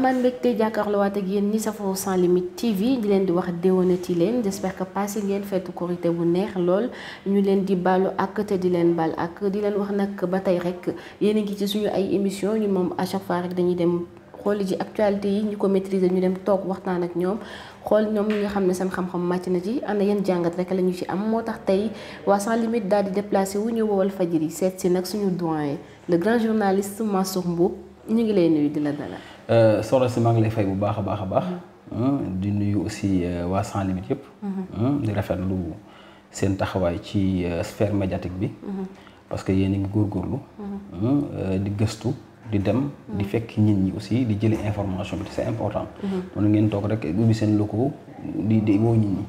amaan mbégte jàkkaarloowaat ak yéen ñi safoo sans limite TV di leen di wax déwénati leen j'espère que passé ngeen feetu korité bu neex lool ñu leen di baalu ak te di leen baal ak di leen wax nag ba tey rek yéen a ngi ci suñu ay émission ñu moom à chaque dañuy dem xooli ji actualité yi ñu ko maîtriser ñu dem toog waxtaan ak ñoom xool ñoom ñi nga xam ne seen xam màcc na ci ànd yan jàngat rek lañu ñu ci am moo tax tey waa sans limite daal di déplacé wu ñu wowal yi seet si nag suñu doyen le grand journaliste Mansour Mboup ñu ngi leen nuyu di la dalal Euh, Soxna si maa ngi lay fay bu baax a baax a baax. di nuyu aussi euh, waa Sans Limites yëpp. Mm-hmm. di lu seen taxawaay ci euh, sphère médiatique bi. Mm-hmm. parce que yéen a góor góorgóorlu. Mm-hmm. di gëstu di dem. di fekk nit ñi aussi di jëli information bi c'est important. mën ngeen toog rek ubbi seen locaux di di woo nit ñi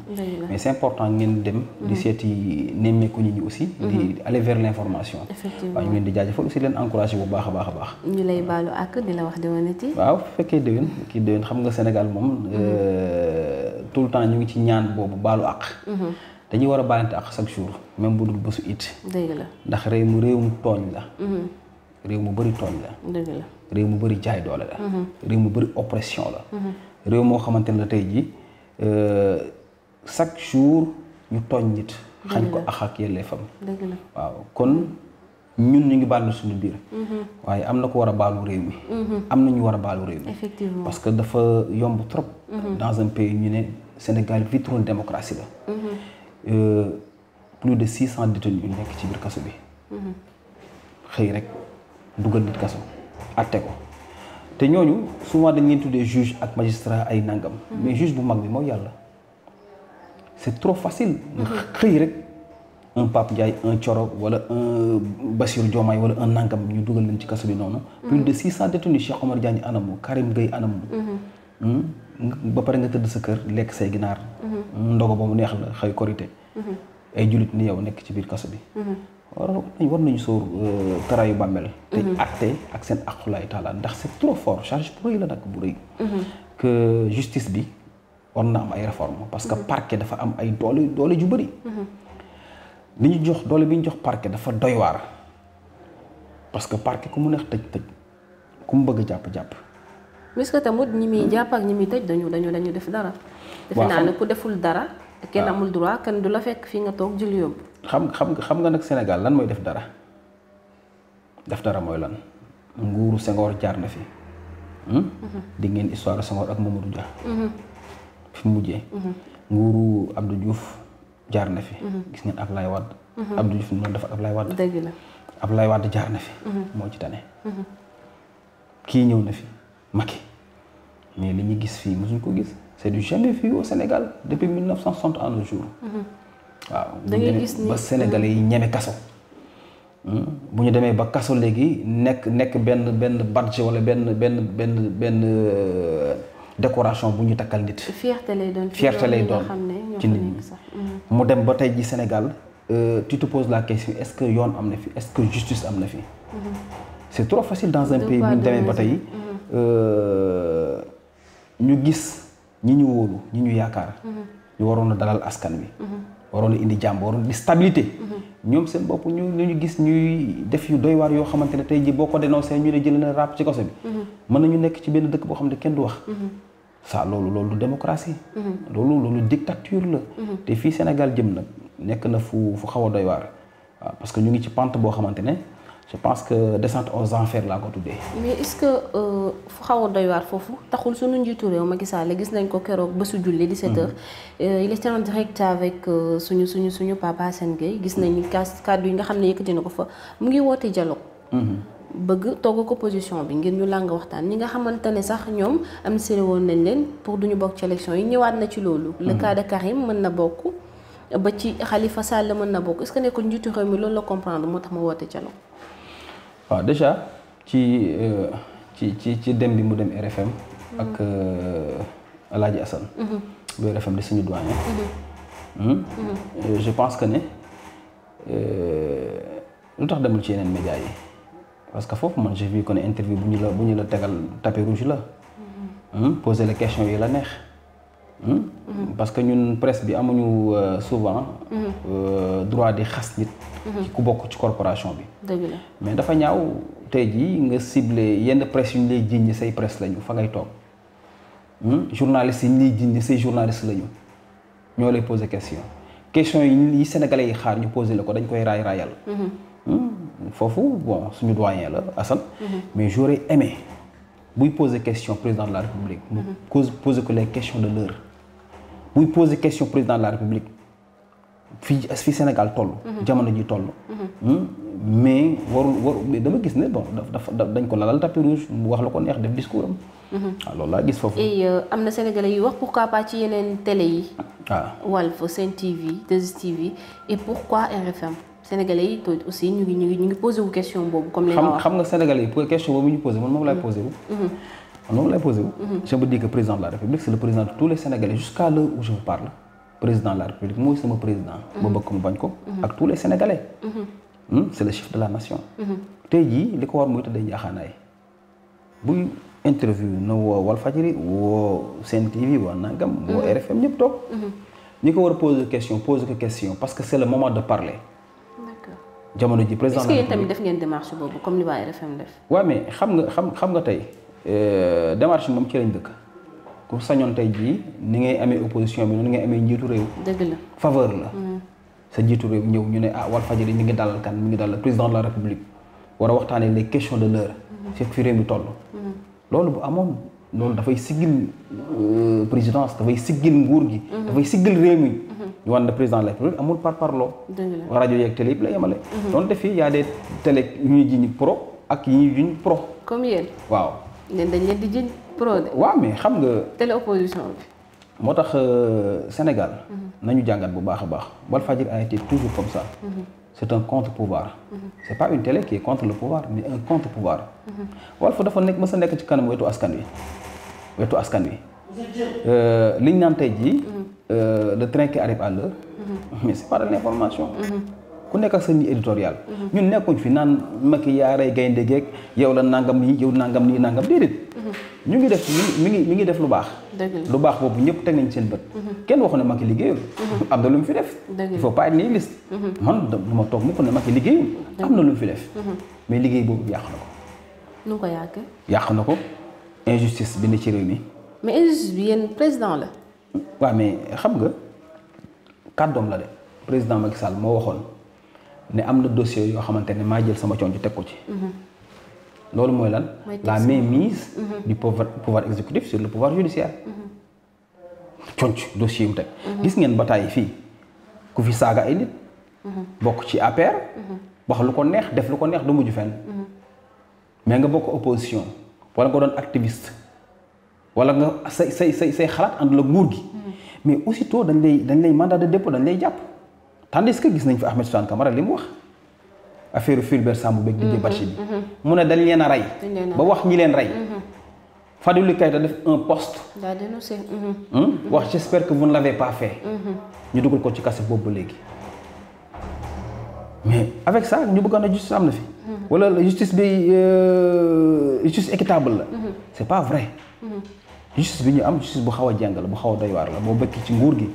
mais c'est important ngeen dem di mm-hmm. seeti nemmeeku nit ñi aussi di mm-hmm. aller l'information waaw ñu leen di jaajëfal aussi leen encouragé bu baax a baax a baax ñu lay baalu ak di la wax déwénati waaw fekkee déwén kii déwén xam nga Sénégal moom mm-hmm. euh, tout le temps ñu ngi ci ñaan boobu baalu ak dañuy war a baalante ak chaque jour même bu dul bésu it dëgg ndax réew mu réew mu tooñ la mu bëri tooñ la dëgg la réew mu bëri jaay doole la réew mu bëri oppression la Euh, chaque jour ñu tooñ nit. xañ ko ax ak yelleefam. dëgg la waaw kon ñun ñu ngi baalu suñu biir. Mm-hmm. waaye am na ko war a baalu réew mi. Mm-hmm. am na ñu war a baalu réew mi. parce que dafa yomb trop. Mm-hmm. dans pays ñu ne Sénégal vitrine démocratie la. Euh, plus de six cent détenus yu nekk ci biir kaso bi. xëy rek dugal nit kaso atte ko. te ñooñu souvent dañ leen tuddee juge ak magistrat ay nangam. Mhm. mais juge bu mag bi mooy yàlla. c'est trop facile. nga mhm. xëy rek un Pape Ndiaye un coro wala un Bassirou Diomaye wala un nangam ñu dugal leen ci kaso bi noonu. Mhm. plus de 600 détenus Cheikh Omar Diagne anamu Karim Gueye anamu. Hmm? ba pare nga tëdd sa kër lekk say ginaar. Hmm, ndogo ba mu neex la xëy korité ay jullit ni yow nekk ci biir kaso bi. war nañ war nañu sóor euh, taraayu bàmmeel mhm. te atte ak seen aqulaay taala ndax c'est trop fort charge bu rëy la nag bu rëy mhm. que justice bi war na am ay réforme parce que mhm. parquet dafa am ay doole doole ju bëri li ñu jox doole bi ñu jox parquet dafa doy waar parce que parquet ku mu neex tëj tëj ku mu bëgg jàpp-jàpp puisque tamit ñi muy jàpp ak ñi muy tëj dañu dañu dañu def dara defe naa ne ku deful dara kenn amul droit kenn du la fekk fii nga toog jël yóbbu xam xam xam nga nag Sénégal lan mooy def dara def dara mooy lan nguuru Senghor jaar na fi. Hmm? Mhm. di ngeen histoire Senghor ak Mamadou Dia. Mhm. fi mujjee. Mhm. nguuru Abdou Diouf jaar na fi. gis ngeen Ablaye Wade. Abdou Diouf noonu dafa Ablaye Wade. dëgg la Ablaye Wade fi. moo ci tane. kii ñëw na fi Macky mais li ñu gis fii mosuñ ko gis c'est du jamais vu au Sénégal depuis 1960 à nos jours. waaw da ngay gis ni ba Sénégalais yi ñeme kaso. Hmm? bu ñu demee ba kaso léegi nekk nekk benn benn badge wala benn benn benn benn euh, décoration bu ñu takkal nit. fierté lay doon fierté lay doon ci nit ñi hmm. mu dem ba tey ji Sénégal euh, tu te la la question est-ce que yoon am na fi est-ce que justice am na fi. Hmm. c'est trop facile dans un pays bu ñu demee ba tey euh, ñu gis ñi ñu wóolu ñi ñu yaakaar. ñu waroon a dalal askan wi. waroon indi jàmm waroon indi stabilité. ñoom seen bopp ñu ñu gis ñuy def yu doy waar yoo xamante ne tey jii boo ko dénoncé ñu ne jëlee na rap ci kaso bi. Mm-hmm. mën nañu nekk ci benn dëkk boo xam ne kenn du wax. Mm-hmm. ça loolu loolu du démocratie. Mm-hmm. loolu loolu dictature la. te fii Sénégal jëm nag nekk na fu fu xaw a doy waar. waaw parce que ñu ngi ci pente boo xamante ne. je pense que descente aux enfers laa ko tuddee. mais est-ce que euh, xaw a doy waar foofu taxul sunu njiitu réew Macky Sall gis nañ ko keroog bésu julli 17h. Mhm. Euh, il était en direct avec euh, suñu suñu suñu papa Sène Gueye gis nañu cas kàddu yi nga xam ne yëkkati na ko fa mu ngi woote dialogue. Mhm. bëgg togg ko position bi ngir ñu làng waxtaan ñi nga xamante ne sax ñoom am séré woon nañ leen pour du ñu bokk ci élection yi ñëwaat na ci loolu. Mhm. le cas de Karim mën na bokk ba ci Khalifa Sall mën na bokk est-ce que nekkul njiitu moo tax ma woote dialogue. waaw déjà ci euh, ci ci ci dem bi mu dem RFM. ak mhm. El euh, Hadj Assane. bu mhm. RFM di suñu doyen. Mhm. Hmm? Euh, je pense que ne lu tax demul ci yeneen médias yi parce que foofu man j'ai vu que ne interview bu ñu la bu ñu la tegal tapis rouge la. Hmm? poser les questions yi la neex. Mhm. parce que ñun presse bi amuñu euh, souvent mhm. euh, droit di xas nit mhm. ku bokk ci corporation bi mais dafa ñaaw tey jii nga ciblé yenn presse yu ñu lay jiñ say presse lañu fa ngay toog hmm? journalistes yi ñu lay jiñ say journalistes lañu ñoo lay posé question question yi yi sénégalais yi xaar ñu posé la ko dañ koy raay raayal hmm? foofu bon suñu doyen la Assane mais j'aurais aimé buy posé question président de la république mu pose posé ko les questions de l'heure buy poser question président de la république fii fii Sénégal toll. Mhm. jamono ji toll. Mhm. Hmm? mais warul warul dama gis ne bon dafa dañ ko lalal tapis rouge mu wax la ko neex def discours am. waaw mhm. ah, loolu laa gis foofu. et euh, am na sénégalais yu wax pourquoi pas ci yeneen télé yi. waaw ah. Walf Sen TV 2STV et pourquoi RFM sénégalais yi toj aussi ñu ngi ñu ngi ñu ngi posé question boobu. comme li nga xam nga sénégalais yi question boobu ñu posé man moom laay moom ah, lay posé wu. Mhm. je me dis que président de président de tous les sénégalais jusqu' à l'heure où parle président de la république mooy sama président. ma bëgg mu bañ ko. Mhm. ak tous les sénégalais. Mhm. Hmm, c' est chef de la nation. tey jii li ko war mooy tëddee njaaxaanaay buy interview na woo Walfadjri woo Sen TV woo Nangam. woo RFM ñëpp toog. ñi ko war a poser question poser ko question parce que c' est le moment de parler. jamono ji président de la démarche boobu comme li nga xam Euh, démarche moom ci lañ dëkk ku sañoon tey jii ni ngay amee opposition bi noonu ngay amee njiitu réew. dëgg la mm. sa njiitu réew ñëw ñu ne ah Walfadjri mi ngi dalal kan mi ngi dalal président de la république war a waxtaanee le question de l'heure mm-hmm. fekk fi réew mi toll. Mm-hmm. loolu bu amoon loolu dafay siggil euh, présidence dafay siggil nguur gi. Mm-hmm. dafay siggil réew mi. ñu wan président de la république amul par parloo. dëgg la rajo yeeg télé yëpp la yemale. donc fii a des télé yu ñuy ak yu waaw. ne dañ leen di jëñ pro de. waaw mais xam nga. télé opposition bi. moo tax euh, Sénégal. nañu jàngat bu baax a baax Walfadjri a été toujours comme ça. Mhm. c' est un contre-pouvoir. Mhm. c' est pas une télé qui est contre le pouvoir mais un contre-pouvoir. Mhm. Walf dafa nekk mës a nekk ci kanam wetu askan wi wetu askan wi. Euh, liñ naan tey jii. Euh, le train qui arrive pas de l' ku nekk ak sa ligne éditoriale. ñun nekkuñ fi naan Macky yaa rey gaynde geeg yow la nangam nii yow nangam nii nangam déedéet. ñu ngi def mi ngi mi ngi def lu baax. lu baax boobu ñëpp teg nañ seen bët. kenn waxu ne Macky liggéeyul. am na lu mu fi def. il faut pas être nihiliste. man ma toog mu ko ne Macky liggéeyul. am na lu mu fi def. mais liggéey boobu yàq na ko. nu ko yàq. yàq na ko injustice bi ne ci réew mi. mais injustice bi yéen président la. waaw mais xam nga kàddoom la de président Macky Sall moo waxoon. ne am na dossier yoo xamante ne maa jël sama coon ju teg ko ci mm-hmm. loolu mooy lan la mainmise mm-hmm. du pouvoir pouvoir exécutif sur le pouvoir judiciaire mm-hmm. conc dossier mu teg gis ngeen bataay fii ku fi saaga ay nit bokk ci APR wax lu ko neex def lu ko neex du mujj fenn mais nga bokk opposition wala nga doon activiste wala nga say say say say xalaat ànd la nguur gi mais aussitôt dañ lay dañ lay mandat de dépôt dañ lay jàpp tandis que gis nañ fi Ahmed Suzanne Camara li mu wax affaire Fulbert Sambou beeg Didier mhm, Badji bi mhm, mhm. mu ne dañ leen a rey ba wax ñi leen rey Fadilou Keita def un post daa hmm? wax j'espère que vous ne l'avez ñu dugal ko ci kaso boobu ba léegi mais avec ça ñu bëggoon a justice am na fi wala justice bi euh, justice équitable la c'est pas vrai justice bi ñu am justice bu xaw a jàng la bu xaw a doy waar la boo bëkk ci nguur gi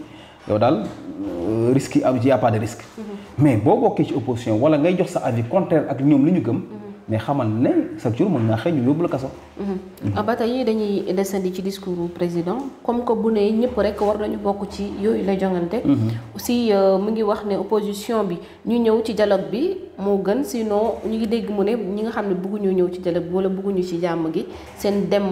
yow daal euh, risque am ci y a pas de risque. Mm-hmm. mais boo bokkee ci opposition wala ngay jox sa avis contraire ak ñoom li ñu gëm. Mm-hmm. mais xamal ne chaque jour mën naa xëy ñu yóbbu la kaso. Mm-hmm. Ah, ba tey dañuy desandi ci discours président comme que bu ne ñëpp rek war nañu bokk ci yooyu la jongante. aussi euh, mu ngi wax ne opposition bi ñu ñëw ci dialogue bi moo gën sinon ñu ngi dégg mu ne ñi nga xam ne bëgguñu ñëw ci dialogue bi wala bëgguñu ci jàmm gi seen dem.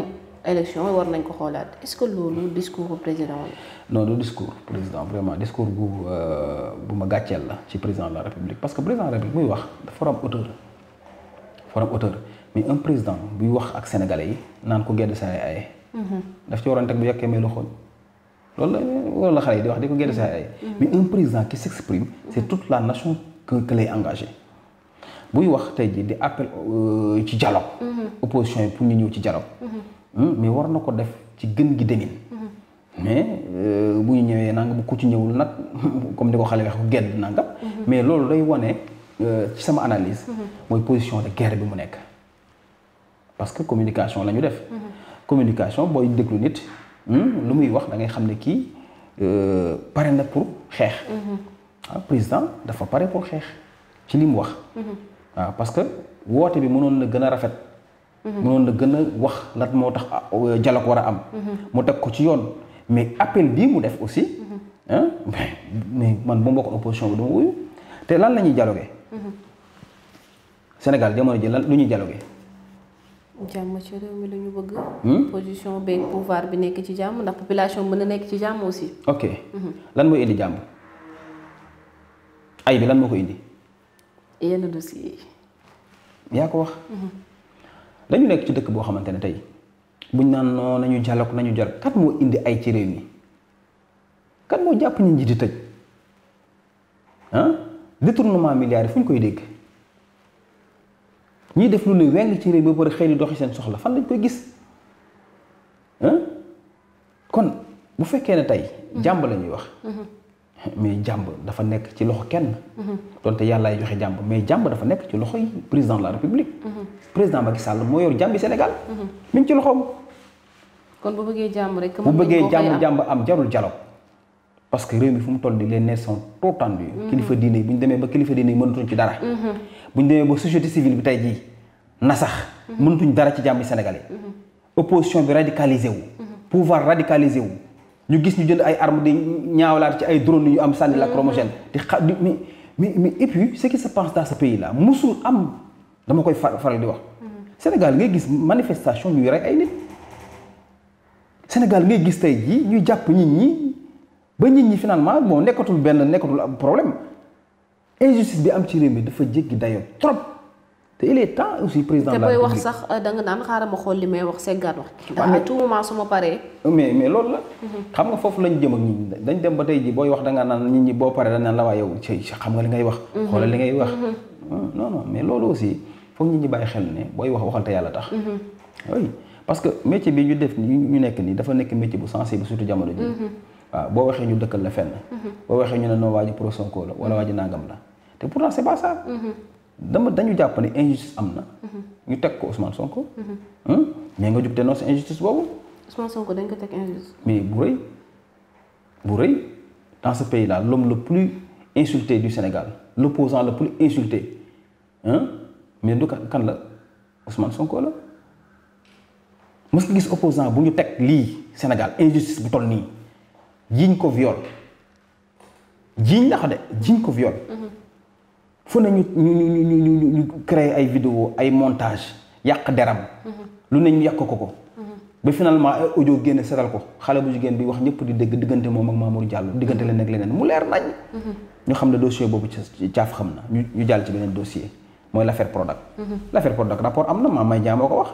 élection war nañ ko xoolaat est-ce que loolu discours président la. non du discours président vraiment discours bu euh, bu ma gàcceel la ci président de la république parce que président de la république muy wax dafa am auteur dafa mais un président buy wax ak sénégalais yi naan ko gedd saa yi aye. Mhm. daf ci waroon teg bu yokkee may lu loolu la loolu yi di wax di ko gedd saa yi aye. Mhm. mais un président qui s'exprime mhm. c'est toute la nation que que lay engagé. buy wax tey jii di appel euh, ci dialogue. opposition yi Hmm, mais war na ko def ci gën gi demin mm-hmm. mais euh, bu ñu ñëwee nanga bu ku ci ñëwul nag comme ni ko xale wax ko gedd nangam mm-hmm. mais loolu day wone euh, ci sama analise mm-hmm. mooy position de guerre bi mu nekk parce que communication la ñu def communication booy déglu nit hmm, lu muy wax da ngay xam ne kii euh, pare na pour xeex waaw ah, président dafa pare pour xeex ci li mu wax ah, parce que woote bi mënoon na gën a rafet Mhm. mënoon na gën a wax lan moo tax dialogue euh, war a am. Mhm. mu teg ko ci yoon mais appel bii mu def aussi. ah mais man bu ma bokkoon opposition bi dama wuyu te lan la ñuy dialogué. Sénégal jamono ji lan lu ñuy dialogué. jàmm ci réew mi la bëgg. Hmm? position beeg pouvoir bi nekk ci jàmm ndax population mën na nekk ci jàmm aussi. ok lan mooy indi jàmm ay bi lan moo ko indi. yenn dossiers yi. yaa ko wax. dañu nekk ci dëkk boo xamante ne tey buñ naan noo nañu dialogue nañu jar kat moo indi ay ci réew mi kat moo jàpp ñu nji di tëj ah détournement milliards yi fu ñu koy dégg ñiy def lu ne weng ci réew mi ba pare xëy di doxi seen soxla fan lañ koy gis kon bu fekkee ne tey jàmb lañuy wax mm-hmm. mais jàmb dafa nekk ci loxo kenn. Mhm. donte yàllaay joxe jàmb mais jàmb dafa nekk ci loxoy président de la république. Mhm. président Macky Sall moo yor jàmbi Sénégal. Mhm. mi ngi ci loxoom. kon bu bëggee jàmb rek. bu bëggee jàmb jàmb am jarul dialogue. parce que réew mi fu mu toll nii les nerfs sont trop tendus. kilifa diine bu ñu demee ba kilifa diine yi mënatuñ ci dara. bu ñu demee ba société civile bi tey jii na sax. mënatuñ dara ci jàmbi Sénégal yi. opposition bi radicalisé pouvoir radicalisé ñu gis ñu jënd ay armes di ñaawlaat ci ay drone yu am sànni lacrymogène mhm. di xa di mais mais et puis ce qui se passe dans ce pays là am dama koy faral di wax. Mhm. Sénégal ngay gis manifestation ñuy rey ay nit. Sénégal ngay gis tey ji ñuy jàpp nit ñi ba nit ñi finalement bon nekkatul benn nekkatul am problème injustice bi am ci réew dafa jéggi dayoo trop. te il est temps aussi président de la République te booy wax sax euh, da naan xaaral ma xool li may wax seggaat wax. waaw mais à tout moment paree. mais mais loolu la. Mhm. xam nga foofu lañ jëm ak nit ñi dañ dem ba tey ji booy wax da nga naan nit ñi boo paree da naan la waa yow ci wax. Mhm. xoolal li ngay wax. Mhm. Ah, non mais loolu aussi foog nit ñi bàyyi xel ne booy wax waxal te yàlla tax. oui parce que métier bi ñu def ñu nekk nii dafa nekk métier bu sensible surtout jamono ji. waaw boo waxee ñu dëkkal la fenn. boo waxee ñu ne noo waa ji pro Sonko la wala waa ji nangam dama dañu jàpp ne injustice am na. Mhm. ñu teg ko Ousmane Sonko. Mhm. Hmm? mais nga jub te non injustice boobu. Ousmane Sonko dañ ko teg injustice. mais bu rëy bu rëy dans ce pays là l'homme le plus insulté du Sénégal l'opposant le plus insulté mais du kan la Ousmane Sonko la mës nga gis opposant bu ñu teg lii Sénégal injustice bu toll nii jiñ ko viol jiñ la de jiñ ko viol. Mhm. fu ne ñu ñu ñu ñu ñu ñu créer ay vidéo ay montage yàq deram mm-hmm. lu ne ñu yàq ko ko mm-hmm. ba finalement ay eh, audio génne setal ko xale bu jigéen bi wax ñëpp di dégg diggante moom ak Mamour Diallo diggante leen ak leneen mu leer nañ mm-hmm. ñu xam ne dossier boobu ci ñu ñu jàll ci beneen dossier mooy l'affaire Prodac l'affaire Prodac rapport am na maa may jaamoo ko wax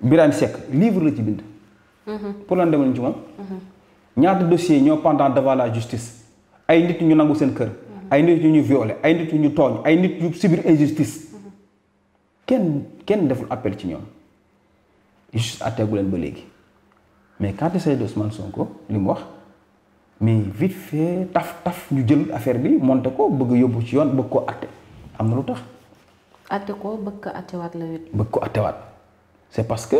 Birame Seck livre la ci bind pour lan demal ñu ci moom ñaata dossier ñoo pendant devant justice ay nit ñu nangu seen kër ay nit yu ñu violé ay nit yu ñu tooñ ay nit yu subir injustice kenn kenn deful appel ci ñoom juste àtteegu leen ba léegi mais quand c'est Ousmane ko li mu wax mais vite fait taf taf ñu jël affaire bi monté ko bëgg yóbbu ci yoon bëgg koo atte am na lu tax. atte ko bëgg ko attewaat la wét. bëgg ko attewaat c'est parce que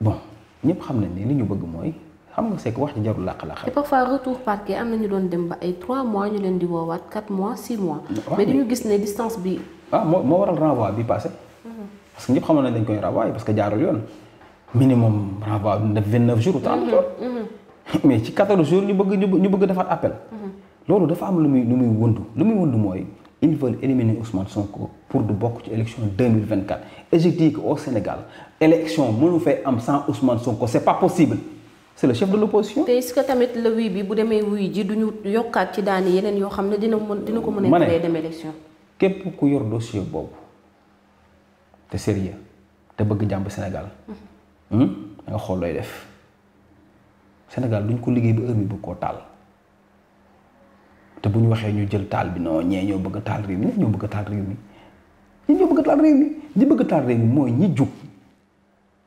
bon ñëpp xam nañ ne li ñu bëgg mooy. xam nga c'est wax ji jarul làq làq. te parfois retour parquet am na ñu doon dem ba ay 3 mois ñu leen di woowaat 4 mois 6 mois. mais dañu gis ne distance bi. Ah, moo waral renvoi bi passé. Mhm. parce que ñëpp xamoon nañ dañ koy renvoyer parce que jaarul yoon. minimum renvoi de jours ou mhm, mhm. mais ci 14 jours ñu bëgg ñu bëgg defaat appel. loolu dafa am lu muy lu muy wëndu lu muy wëndu mooy ils veulent éliminer Ousmane Sonko pour du bokk ci élection c'est le chef de l'opposition. te tamit le oui bi bu demee wuy ji du ñu yokkaat ci daan yeneen yoo xam ne dina mën dina ko mën a. ma dem élection. képp ku yor dossier boobu te sérieux te bëgg jàmb Sénégal. Mm-hmm. Hmm, da nga xool looy def Sénégal duñ ko liggéey ba heure bi bëgg koo taal te bu ñu waxee ñu jël taal bi non ñee ñoo bëgg taal réew mi ñoo bëgg taal réew mi ñi ñoo bëgg taal réew mi ñi bëgg taal réew mi mooy ñi jug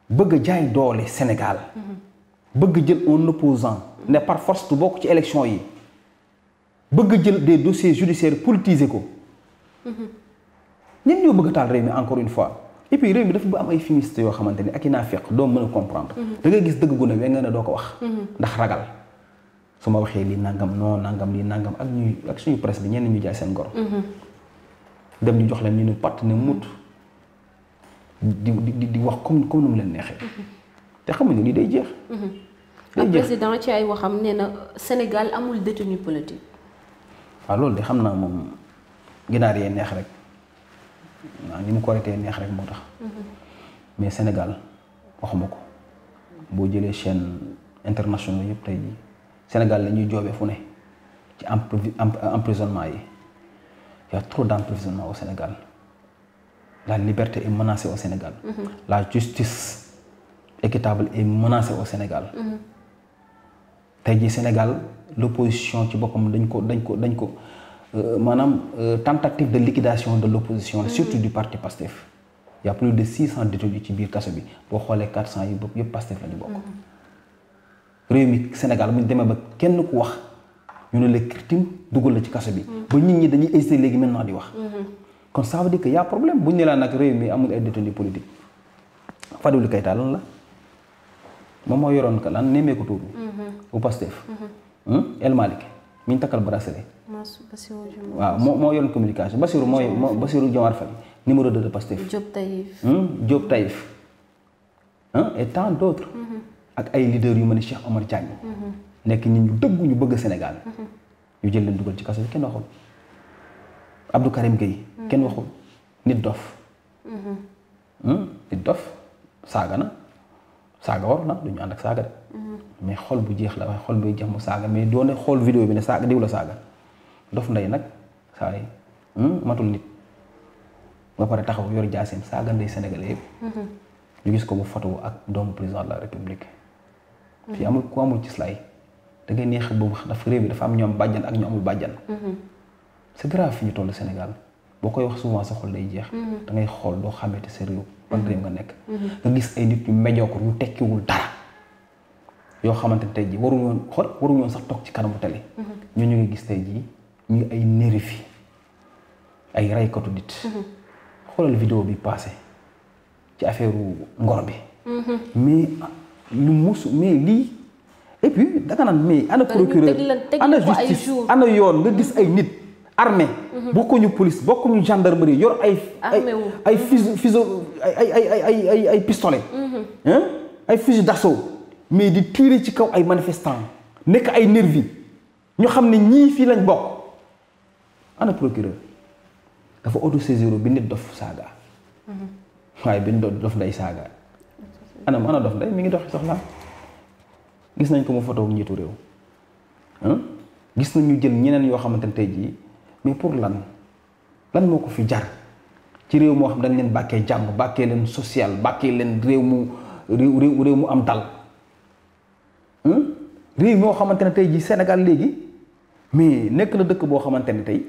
bëgg jaay doole Sénégal. Mm-hmm. bëgg jël un opposant ne par force du bokk ci élection yi bëgg jël des dossiers judiciaires politiser ko ñen ñoo bëgg taal réew mi encore une fois et puis réew mi dafa bu am ay fumiste yoo xamante ni ak i naa feq doo mën a comprendre mhm. da gis dëgg gu ne we nga doo ko wax mhm. ndax ragal su ma waxee lii nangam non nangam lii nangam ak ñuy suñu presse bi ñenn ñu jaay seen gor mhm. dem ñu jox leen ñu ne patt ne mut di di di wax comme comme nu mu leen neexee te xamuñu ni day jeex. Mhm. day président ci ay waxam nee na Sénégal amul détenu politique. waaw loolu de xam naa moom ginaar yee neex rek waaw ni mu ko rétee neex rek moo tax. Mhm. mais Sénégal waxuma ko boo jëlee chaîne internationale yëpp tey jii Sénégal la ñuy joobee fu ne ci emprisonnement yi y a trop d' emprisonnement au Sénégal la liberté est menacée au Sénégal. Mhm. la justice. équitable est menacée au Sénégal. Mhm. tey jii Sénégal l'opposition ci boppam dañ ko dañ ko dañ ko euh, maanaam euh, tentative de liquidation de l'opposition mhm. surtout du parti PASTEF il y a plus de six cent détenus ci biir kaso bi boo xoolee quatre cent yi bopp yëpp PASTEF la ñu bokk. Mhm. réew mi Sénégal bu ñu ba kenn ku wax ñu ne la crime dugal la ci kaso bi. ba nit ñi dañuy hésité léegi maintenant di wax. kon ça veut dire que y a problème bu ñu ne laa nag réew mi amul ay détenus politiques Fadilou Keita lan moom moo yoroon ka lan nemmeeku tuubu mhm. bu Pastef mhm. hmm? El Malick mi ñu takkal bracelet waaw moo moo yoroon communication Bassirou moo Bassirou Diomaye Faye numéro 2 de Pastef Diop Taïf hmm? hmm? et tant d'autres mhm. ak ay leaders yu mel ni Cheikh Omar Diagne nekk ñi ñu dëggu ñu bëgg Sénégal ñu jël leen dugal ci kaso bi kenn waxul Abdou Karim kenn waxul nit dof nit saaga waru na du ñu ànd ak saaga de mais xol bu jeex la waaye xol buy jeex mu saaga mais doo ne xool vidéo bi ne saaga diw la saaga dof ndey nag saa yi hmm, matul nit nga pare taxaw yor jaasim saaga ndey sénégalais yëpp ñu gis ko bu photo ak doomu président de la république fii amul ku amul ci lay da ngay neex bu wax dafa réew bi dafa am ñoom bàjjan ak ñu amul bàjjan c'est grave fi ñu toll Sénégal boo koy wax souvent sa xol day jeex mm-hmm. da xool doo xamante sa réew ban réew nga nekk. Mm-hmm. nga gis ay nit yu médiocre yu tekkiwul dara yoo xamante ne tey jii waruñoon xool waruñoon sax toog ci kanamu télé. Mm-hmm. ñoo ñu ngi gis tey jii ñu ay nervi ay raykatu nit. Mm-hmm. xoolal vidéo bi passé ci affaire ngor bi. mais lu musu mais lii et danga naan mais. ana procureur ana justice ana yoon nga gis ay nit. armée mhm. bokkuñu police bokkuñu gendarmerie yor ay ay fusil fusil ay ay ay ay ay pistolet mhm. ay fusil d'assaut mais di tirer ci kaw ay manifestant nekk ay nervi ñu xam ne ñii fii lañ bokk ana procureur dafa auto saisir bi nit dof saaga mhm. waaye bi nit dof nday saaga anam ana dof nday mi ngi doxi soxlaam gis nañ ko mu photo njiitu réew gis nañu jël ñeneen yoo xamante ne tey jii mais pour lan lan moo ko fi jar ci réew moo xam dañ leen bàkkee jàmm bàkkee leen social bàkkee leen réew mu réew réew mu am dal hmm? réew moo xamante ne tey ji Sénégal léegi mais nekk na dëkk boo xamante ne tey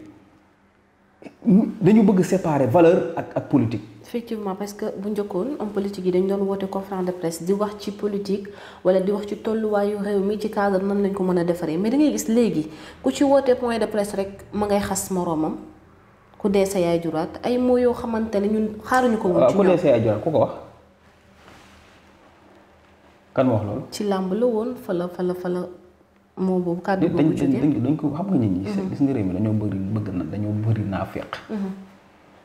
dañu bëgg séparer valeur ak politique. effectivement parce que bu njëkkoon homme politique yi dañ doon woote conférence de presse di wax ci politique wala di wax ci tolluwaayu réew mi ci cadre nan lañ ko mën a defaree mais da ngay gis léegi ku ci woote point de presse rek ma ngay xas moroomam ku dee sa yaay juraat ay moo yoo xamante ne ñun xaaruñu ko. woon ci ñoom ku dee sa yaay juraat ku ko wax. kan ma wax loolu. ci làmb la woon fa la fa la fa la moom boobu kàddu boobu jógee dañ ko xam nga nit ñi. Mhm. gis nga réew mi dañoo bëri bëgg na dañoo bëri naa feq. Mhm.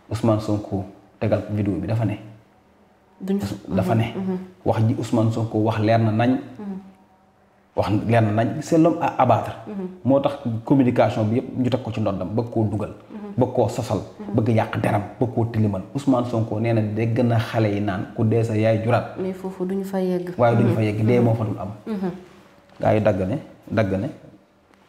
Ousmane Sonko tegal vidéo bi dafa ne. dafa ne. Mhm. wax ji Ousmane Sonko wax leer na nañ. wax leer na nañ c'est l'homme moo tax communication bi yëpp ñu teg ko ci ndoddam bëgg koo dugal. bëgg koo sosal. bëgg yàq deram bëgg koo tilimal Ousmane Sonko nee na dégg na xale yi naan ku dee sa yaay juraat. mais foofu duñ fa yegg. dee moo fa dul am. gaa dagg ne. dagg ne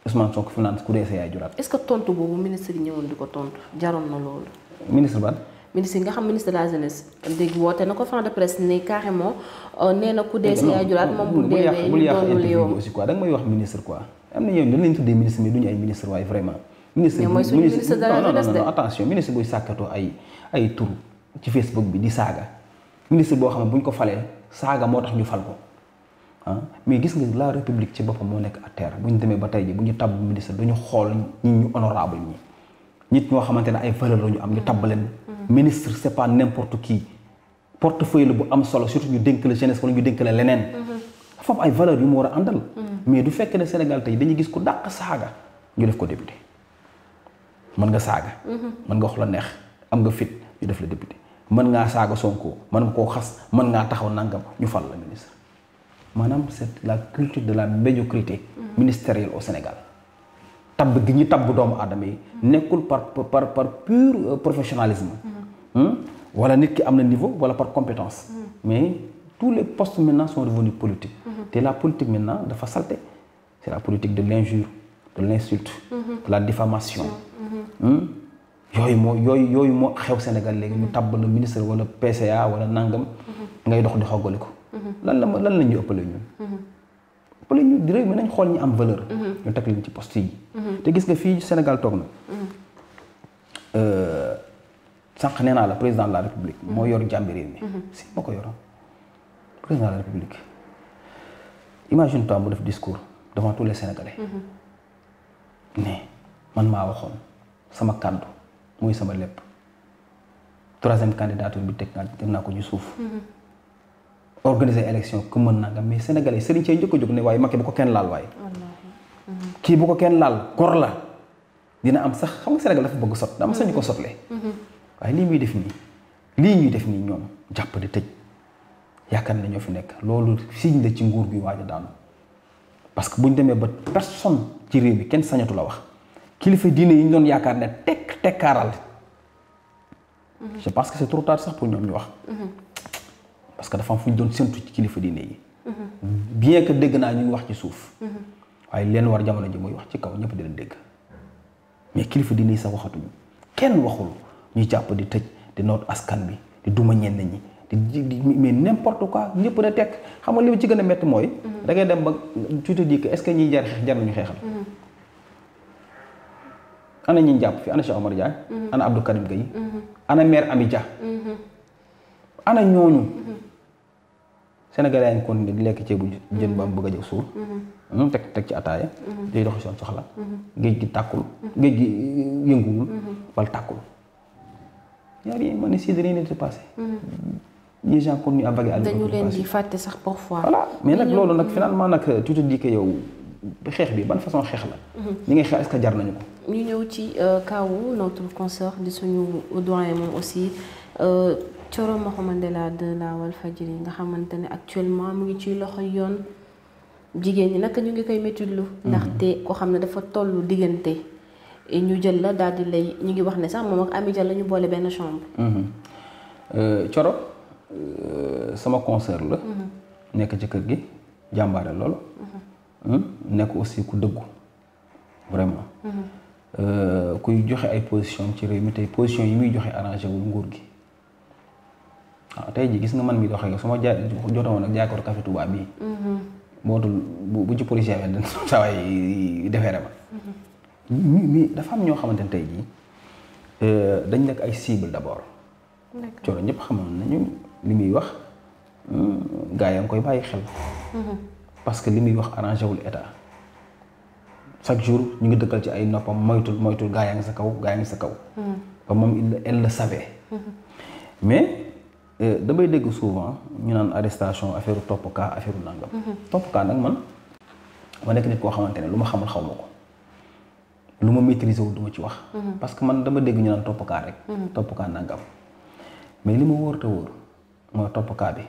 Ousmane Sonko fi naan ku dee sa yaay juraat. est-ce que tontu boobu ministre yi ñëwoon di ko tontu jaroon na loolu. ministre ban. ministre nga xam ministre de la jeunesse dégg woote na ko fan de presse ne carrément euh, nee na ku dee sa yaay juraat moom bu deewee bul yàq interview bi aussi quoi da nga wax ministre quoi am na ñooñu dañ leen tuddee ministre mais duñu ay ministre waaye vraiment. ministre bi ministre non non non attention ministre buy sàkkatoo ay ay ci Facebook bi di saaga ministre boo xam ne bu ñu ko falee saaga moo tax ñu fal ko. ah mais gis nga la république ci boppam moo nekk à terre bu ñu demee ba tey ji bu ñu tabb ministre du ñu xool ñi ñu honorable ñi nit ñoo xamante ne ay valeur la ñu am ñu tabb leen mm-hmm. ministre c'est n'importe qui portefeuille bu am solo surtout ñu dénk la jeunesse wala ñu dénk la leneen mm-hmm. dafa ay valeur yu mu war a àndal mm-hmm. mais du fekk ne Sénégal tey dañuy gis ku dàq saaga ñu def ko député mën nga saaga mën nga wax la neex am nga fit ñu def la député mën ngaa saaga Sonko maanaam c'est la culture de la médiocrité ministérielle au Sénégal tabb gi ñu tabb doomu aadama yi nekkul par par par pur euh, professionnalisme mm-hmm. hmm? wala nit ki am na niveau wala par compétence mm-hmm. mais tous les postes maintenant sont devenus politiques mm-hmm. te la politique maintenant dafa salté c'est la politique de l'injure de l'insulte de la diffamation hmm? yooyu moo yooyu yooyu moo xew Sénégal léegi ñu tabb la ministre wala PCA wala nangam ngay dox di xoggali ko lan la ma lan la ñu ëppale ñun. ëppale ñu réew mi nañ xool ñu am valeur. ñu teg leen ci poste te gis nga fii Sénégal toog na. Euh, sànq nee la président de la république. moo yor jàmbi réew mi. si ma ko yoroon président de la république. imagine toi mu def discours devant tous les sénégalais. mais man maa waxoon sama kàddu mooy sama lépp troisième candidature bi teg naa ko ci suuf. organiser élection ko mën nangam mais sénégalais sëriñ see njëkk a jóg ne waaye Macky bu ko kenn laal waaye kii bu ko kenn laal gor la dina am sax xam nga Sénégal dafa bëgg sot da am sax ko sotle waaye muy def nii lii ñuy def nii ñoom jàpp di yaakaar na fi nekk loolu signe la ci nguur gi waaj a parce que bu demee ba personne ci réew bi kenn sañatu la wax kilifa diine yi doon yaakaar ne tekk tekkaaral je que c'est trop tard sax ñoom ñu wax parce que dafa am fu ñu doon séntu ci kilifa diine yi. bien que dégg naa ñu wax ci suuf. waaye leen war jamono ji mooy wax ci kaw ñëpp dina dégg mais kilifa diine yi sax waxatuñu kenn waxul ñu jàpp di tëj di noot askan bi di duma ñenn ñi di di mais n'importe quoi ñëpp na tekk xam nga li ci gën a métti mooy. dangay dem ba tu te dis que est-ce que ñiy jar jar nañu xeexal. ana ñi jàpp fi ana Cheikh Omar Diagne. ana Abdou Karim Gueye. ana maire Ami Dia. ana ñooñu. Sénégalais yi continué di lekk ceebu jën ba am bëgg a jëg suur. ñu mhm. mhm, teg teg ci ataaya. Mhm. day doxi soon soxla. géej gi tàkkul. géej gi euh, yënguwul. wala tàkkul. y a rien man ne si rien n'est passé. les gens continuent à vaguer di fàtte sax parfois. voilà mais nag loolu nag finalement nag tu te yow xeex bi ban façon xeex la. ñi ngay xeex est-ce que jar nañu ko. ñu ñëw ci euh, kawu notre consœur di suñu doyen moom aussi. Euh, Thioro Mandela de la Walfadjri yi nga xamante ne actuellement mu ngi ci loxo yoon jigéen ñi naka ñu ngi koy méttitlu mm-hmm. ndaxte ko xam ne dafa tollu diggante ñu jël la daal di lay ñu ngi wax ne sax moom Ami Dia boole benn chambre. Thioro mm-hmm. euh, euh, sama concert la. Mm-hmm. nekk ci kër gi jàmbaare loolu. nekk aussi ku dëggu vraiment. Euh, kuy joxe ay position ci réew mi tey position yi muy joxe arrangé wul nguur gi. waaw tey jii gis nga man mi doxee ko su ma jaay jotoon woon ak jaakaaru café Touba bii. Mm-hmm. bootul bu ci policier bi saa waay defeere ma. Mm-hmm. mi dafa am ñoo xamante ne tey jii euh, dañ lekk ay cible d'abord. coono ñëpp xamoon nañu li muy wax hmm, gaa yaa ngi koy bàyyi xel. Mm-hmm. parce que li muy wax arrangé wul état chaque jour ñu ngi dëkkal ci ay noppam moytul moytul gaa yaa ngi sa kaw gaa ngi sa kaw. ba moom il elle le mais Euh, damay dégg souvent ñu naan arrestation affaire topp kaa affaire nangam. Mhm. topp kaa nag man ma nekk nit koo xamante ne lu ma xamul xaw ma ko lu ma maîtriser wu du ci wax. Mhm. parce que man dama dégg ñu naan topp kaa rek. Mhm. topp kaa nangam mais li ma wóor te wóor mooy topp kaa bi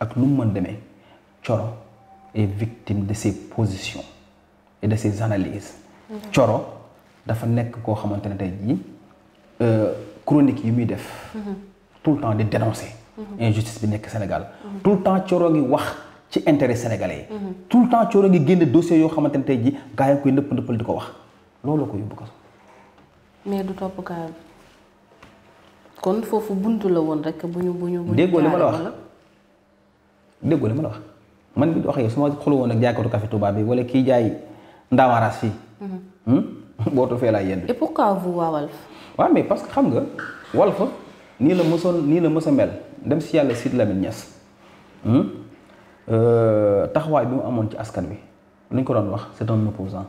ak lu mu mën demee Coro est victime de ses positions et de ses analyses. Coro dafa nekk koo xamante ne tey jii euh, chronique yi muy def. tout le temps di dénoncer. Mm-hmm. injustice bi nekk Sénégal. Mm-hmm. tout le temps coro ngi wax ci intérêt sénégalais yi. Mm-hmm. tout temps coro ngi génne dossier yoo xamante tey jii gaa yi koy nëpp nëppal di ko wax looloo ko yóbbu kaso. mais du bu ñu bu ñu. déggoo li la wax ma la wax man bi di wax yow su bi wala kii jaay ndaamaaraas fii. Hmm? bootu fee laay waa mais parce xam nga Walf. nii la mësoon nii la mës a mel dem si yàlla Sidy Lamine Niass hmm? euh, taxawaay bi mu amoon ci askan wi luñ ko doon wax c'est un opposant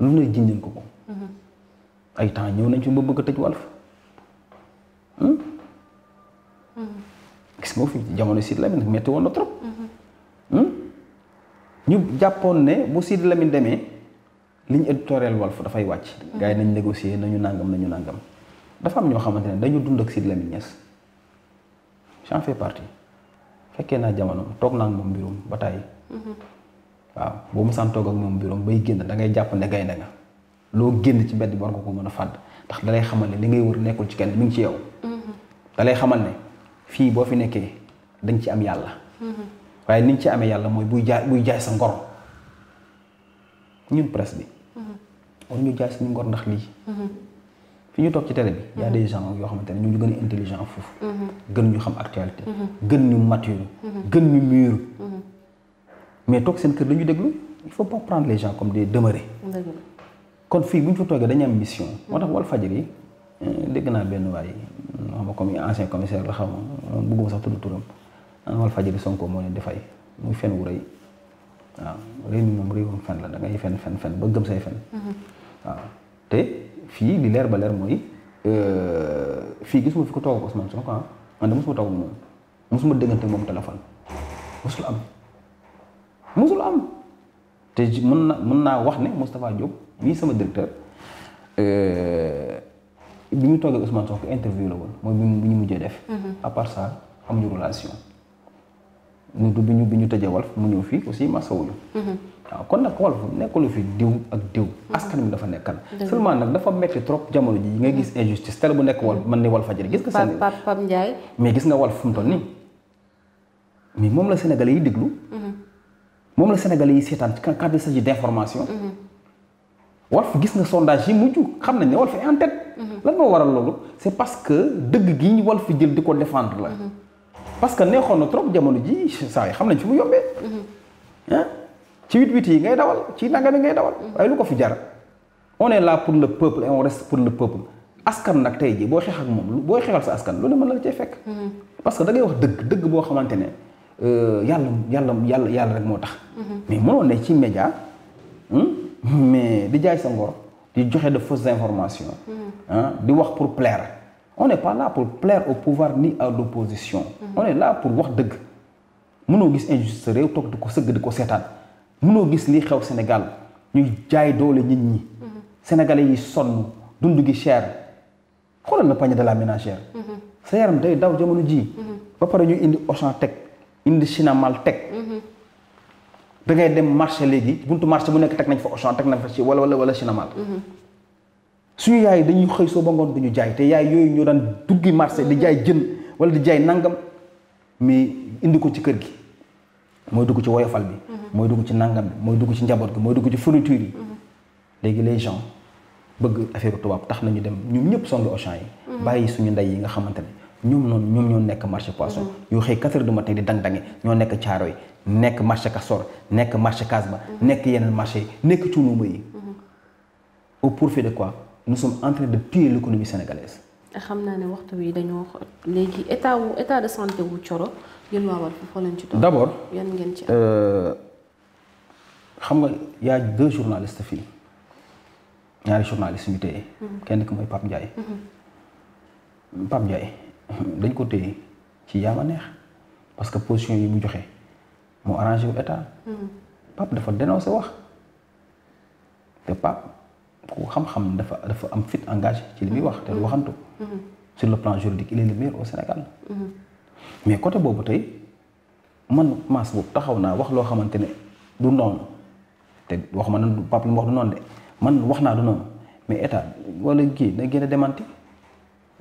lu ko ko mhm. ay temps ñëw nañ fi ba bëgg a tëj Walf hmm? mhm. gis nga fi jamono Sidy Lamine metti woon na trop mhm. hmm? ñu jàppoon ne bu Sidy Lamine demee ligne éditoriale Walf dafay wàcc gars nañ négocier nañu nàngam nañu nàngam dafa am ñoo xamante ne dañu dund ak Sidy Lamine Niass j'en fais partie fekkee naa jamono toog naa ak moom mbirum ba tàyyi mhm. waaw boo musaan toog ak moom mbirum bay génn da ngay jàpp gaynde nga loo génn ci mbedd bi war nga ko mën a fàdd ndax dalay xamal ne li ngay wër nekkul ci kenn mu ngi ci yow mhm. dalay xamal ne fii boo fi nekkee dañ ci am yàlla mhm. waaye niñ ci amee yàlla mooy buy jaay buy jaay sa ngor ñun presse bi war ñu jaay suñu ngor ndax lii fi ñu toog ci télé bi mm-hmm. y a des gens yoo xamante ne ñu gën a intelligent foofu mm-hmm. gën ñu xam actualité mm-hmm. gën ñu mature gën ñu mûr mais toog seen kër dañu déglu il faut pas prendre les comme des demeurés kon fii bu ñu fa toogee dañu am mission moo tax Walfadjri eh, dégg naa benn waay xam a comme ancien commissaire la xam nga bëgguma sax tudd turam ah, Walfadjri Sonko moo leen di fay muy fen wu rëy waaw réew mi moom réewum fen la fii li leer ba leer mooy euh, fii gisuma fi ko toog ak Ousmane Sonko ah man de mosuma toog ak moom mosuma déggante moom téléphone mosul am mosul am te mën na mën naa wax ne Moustapha Diop mii sama directeur euh, bi mu toogee Ousmane Sonko interview la woon mooy bi ñu mujjee def. Mm-hmm. à part ça amuñu relation. nuntu bi ñu bi ñu tëjee Walf mu ñëw fii aussi masawuñu mhm. waaw kon nag Walf nekkul fi diw ak diw mhm. askan mi dafa nekkan seulement nag dafa metti trop jamono ji nga gis mhm. injustice tel bu nekk Walf man ni Walfadjri gis nga gis nga la sénégalais yi déglu moom la sénégalais yi seetaan quand il s'agit d'information Walf gis nga sondage yi mujj xam nañ ne Walf est en tête lan moo waral loolu c'est parce que dëgg gi Walf jël di ko défendre la parce que neexoon na trop jamono ji saa yi xam nañ fi mu yombee. Mhm. ci wit wit yi ngay dawal ci nangami ngay dawal. Mhm. waaye lu ko fi jar on est pour le peuple et on pour le peuple askan nag tey jii boo xeex ak moom booy xeexal sa askan loolu mën na la cee fekk. Mhm. parce que da ngay wax dëgg dëgg boo xamante ne euh, yàlla yàlla yàlla yàlla rek moo tax. mais mënoon ne ci média hmm, mais di jaay sa ngor di joxe de fausses information ah di wax pour plaire. on par pas là pour plaire au pouvoir ni à l'opposition mhm. on est pour wax dëgg mënoo gis injustice réew toog di ko sëgg di ko seetaan mënoo gis lii xew Sénégal ñuy jaay doole nit ñi mhm. sénégalais yi sonn dund gi cher xoolal na panier de la ménagère mhm. sa yaram day daw jamono ji ba pare ñu indi Auchan teg indi Chinamal teg da ngay dem marché léegi buntu marché bu nekk teg nañ fa Auchan teg nañ fa ci wala wala wala Chinamal suñu yaay dañuy xëy soo ba ngoon dañu jaay te yaay yooyu ñoo daan duggi marché di jaay jën wala di jaay nangam mais indi ko ci kër gi mooy dugg ci woyofal bi mhm. mooy dugg ci nangam bi mooy dugg ci njaboot gi mooy dugg ci fourniture yi mhm. léegi les gens bëgg affaire tubaab tax nañu dem ñoom ñëpp songi Auchan yi mhm. bàyyi suñu ndey yi nga xamante ne ñoom noonu ñoom ñoo nekk marché poisson yoo xëy quatre heures du matin di dang-dange ñoo nekk caaro yi nekk marché Castor nekk marché Casba nekk yeneen marché yi nekk cuunuuma yi au de quoi nous sommes en de piller l'économie sénégalaise. xam naa ne waxtu bi dañoo léegi état wu état de santé wu Coro yéen waa Walf foo leen ci toog. d'abord yan ngeen ci euh, xam nga yaa deux journalistes fii ñaari journalistes ñu téye. Mhm. kenn ki mooy Pape Ndiaye. Mhm. Pape Ndiaye dañ ko téye ci yaama neex parce que position yi mu joxe moo arrangé wu état. Mhm. Pape dafa dénoncé wax te Pape. ku xam-xam dafa dafa am fit engagé ci li muy wax te du mm-hmm. waxantu mm-hmm. sur le plan juridique il est le meilleur au Sénégal mm-hmm. mais côté boobu tey man maas boobu taxaw naa wax loo xamante ne du noonu te waxuma na Pape lu mu wax du noonu de man wax naa du noonu mais état wala kii na gën a démenti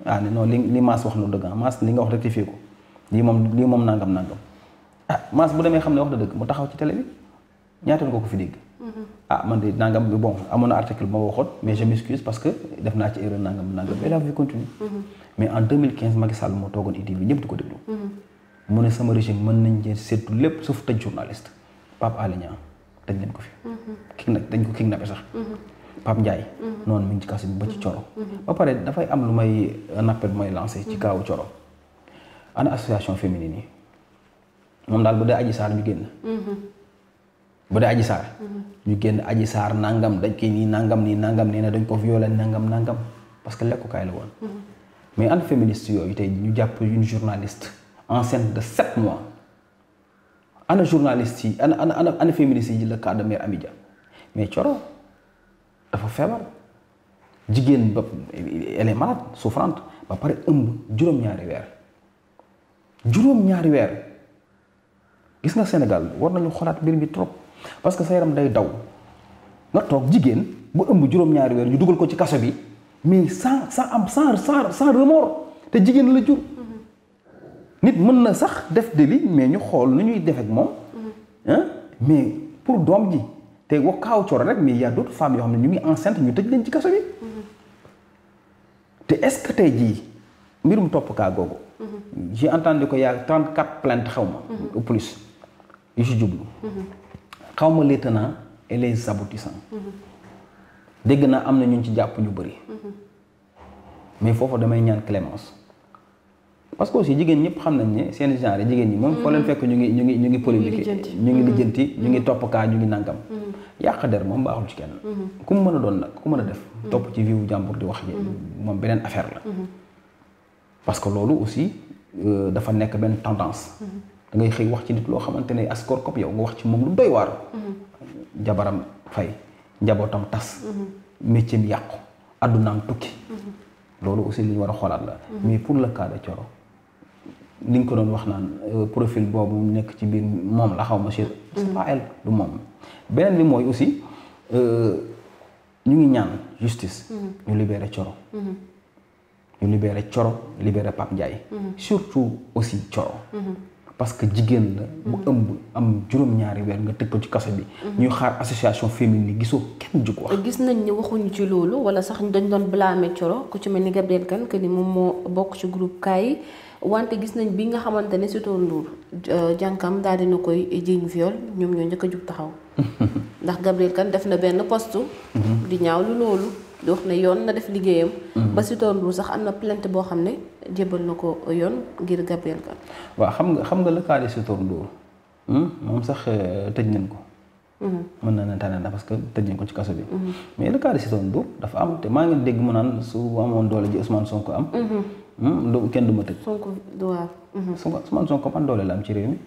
ah ne non li li wax na dëgg ah li nga wax rectifié ah, dëgg mu taxaw ci télé bi ñaata ko ko fi dégg ah man de nangam bi bon amoon na article ma waxoon mais je m'excuse parce que def naa ci erreur nangam nangam mais la vie continue mm-hmm. mais en 2015 Macky Sall moo toogoon ITV ñëpp ko déglu. Mm-hmm. mu ne sama régime mën nañ cee seetu lépp sauf tëj journaliste Pape Alé Niang dañ leen ko fi. Mm-hmm. king nag dañ ko king nappe sax. Pape Ndiaye. noonu mi ngi ci kaso bi ba ci Coro. ba pare dafay am lu may un appel bu may lancé ci kaawu Coro. ana association féminine yi moom daal bu dee aji saal ñu génn. bu dee aji saar ñu génn aji saar nangam dañ koy nii nangam nii nangam nee na dañ ko violé nangam nangam parce que lekku lekkukaay la woon mais an féministe yooyu tey ñu jàpp une journaliste enceinte de sept mois ana journaliste yi ana ana ana ana féministe yi le cas de mère Amidia mais Coro dafa feebar jigéen ba elle est ba pare ëmb juróom-ñaari weer juróom-ñaari weer gis nga Sénégal war nañu xolaat mbir mi trop. parce que sa yaram day daw nga toog jigéen bu ëmb juróom-ñaari weer ñu dugal ko ci kaso bi mais sans sa am sans sans sans remords te jigéen la jur. nit mën na sax def délit mais ñu xool nu ñuy def ak moom. mais pour doom ji te wax kaaw coore rek mais y a yoo xam ne ñu ngi enceinte ñu tëj leen ci kaso bi. te est-ce que tey jii mbirum topp kaa googu. j'ai entendu ko y a 34 plaintes xaw ma. au plus yu si jublu. xaw ma les tenants et les aboutissants. Mm-hmm. dégg naa am na ñu ci jàpp ñu bëri. Mm-hmm. mais foofu damay ñaan clémence parce que aussi jigéen ñëpp xam nañ ne seen genre jigéen ñi moom foo leen mm-hmm. fekk ñu ngi ñu ngi ñu ngi polémique ñu ngi lijjanti ñu ngi topp kaa ñu ngi nànkam yàq der moom baaxul ci kenn ku mu a doon nag ku mën a def topp ci viwu jàmbur di wax ji moom beneen affaire la parce que loolu aussi euh, dafa nekk benn tendance da ngay xëy wax ci nit loo xamante ne askor kopp yow nga wax ci moom lu doy waar. Mhm. jabaram fay njabootam tas. Mhm. métier mi yàqu addunaam tukki. Mhm. loolu aussi liñ war a xoolaat la. mais pour le cas de Thioro li ñu ko doon wax naan euh, profil boobu nekk ci biir moom la xaw ma c'est pas elle du moom beneen bi mooy aussi euh, ñu ngi ñaan justice. ñu libéré Thioro. ñu libéré Thioro libéré surtout aussi Thioro. parce que jigéen la bu mm. ëmb am juróom-ñaari weer nga tëj ko ci kaso bi. Mm-hmm. ñuy xaar association féminine gisoo kenn ju wax. gis nañ ni waxuñu ci loolu wala sax dañ doon blâmer Thioro ku ci mel ni Gabriel kan que ni moom moo bokk ci groupe kaay wante gis nañ bi nga xamante ne Sitor Ndour euh, jànkam daal dina koy jiiñ viol ñoom ñoo njëkk a jug taxaw. ndax Gabriel Kane def na benn poste. Mm-hmm. di ñaaw lu loolu. di wax ne yoon na def liggéeyam. Mhm. ba si toon sax am na plainte boo xam ne jébal na ko yoon ngir Gabriel Kane. waaw xam nga xam nga le cas de Sitor Ndour hmm, moom sax euh, tëj nañ ko. Mhm. mën na ne tane na parce que tëj nañ ko ci kaso bi. Mhm. mais le cas de Sitor Ndour dafa am te maa ngi dégg mu naan su amoon doole ji Ousmane am. Hmm, du kenn du ma tëj. Sonko waaw. Sonko Ousmane Sonko man doole la am ci réew mi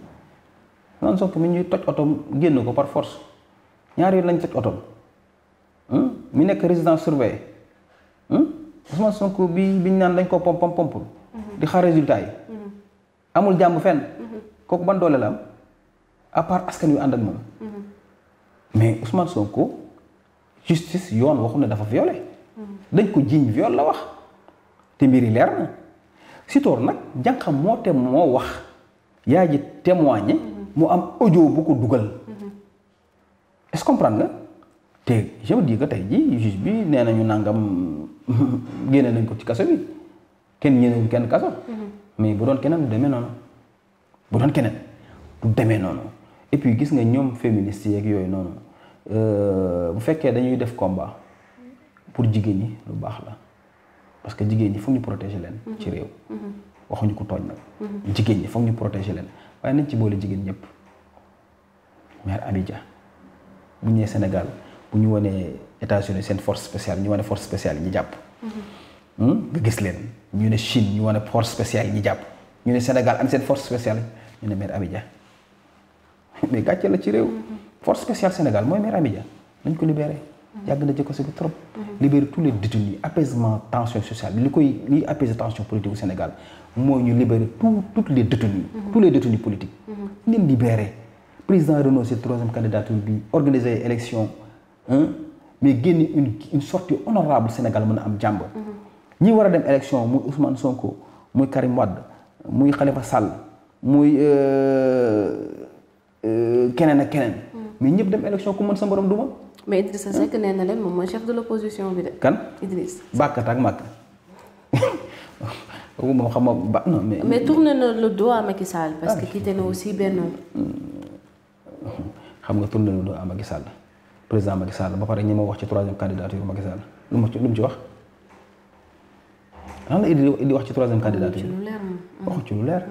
Ousmane Sonko mi ñuy toj otoom génn ko par force ñaar yoon lañ toj otoom. mi nekk résidence surveillée Ousmane Sonko bi biñ naan dañ ko pomp pomp pomp mhm. di xaar résultat yi mhm. amul jàmm fenn mhm. kooku ban doole la am à part askan yu ànd ak moom mais Ousmane Sonko justice yoon waxu ne dafa violé dañ ko jiiñ viol la wax te mbir yi leer na Sitor nag jànqam moo te moo wax yaa ji témoigné mu am audio bu ko dugal est-ce nga te je me dis jii juge bi nee nañu nangam génne nañ ko ci kaso bi kenn ñeneen kenn kaso. Mm-hmm. mais bu doon keneen du demee noonu bu doon keneen du demee noonu et puis gis nga ñoom féministes yeeg yooyu noonu euh, bu fekkee dañuy def combat pour jigéen ñi lu baax la parce que jigéen ñi foog ñu protéger leen. Mm-hmm. ci réew. Mm-hmm. waxuñu ko tooñ nag. jigéen ñi foog ñu protéger leen waaye nañ ci boole jigéen ñëpp maire Abidja bu ñëwee Sénégal. bu ñu wanee États-Unis seen force spéciale ñu wane force spéciale ñi jàpp. Mm-hmm. Hmm? nga gis leen ñu ne Chine ñu wane force spéciale ñi jàpp ñu ne Sénégal am seen force spéciale ñu ne maire Amidia gàcce la ci réew. Mm-hmm. force spéciale Sénégal mooy maire Amidia nañ ko libéré. Mm-hmm. yàgg na jëkko si ko trop. libérer tous les détenus apaisement tension sociale li koy li apaiser tension politique au Sénégal mooy ñu libérer tout toutes les détenus. tous les détenus politiques. leen libéré président mais génn une une sortie honorable Sénégal mën a am jàmb mhm. ñi war a dem élection muy Ousmane Sonko muy Karim Wade muy Khalifa Sall muy euh, euh, keneen ak keneen. Mhm. mais ñëpp dem élection ku mën sa borom duma. mais Idrissa Seck nee na leen moom mooy chef de l' bi de. kan Idriss. bàkkat ak màkk moom xam mais. mais tourné na le dos à Macky Sall. parce ah, que quitté na aussi benn. xam nga tourné na le dos à Macky Sall. président Macky Sall ba pare ñi ma wax ci troisième candidature Macky Sall lu ma ci lu mu ci wax lan la Idi Idi wax ci troisième candidature waxu ci lu leer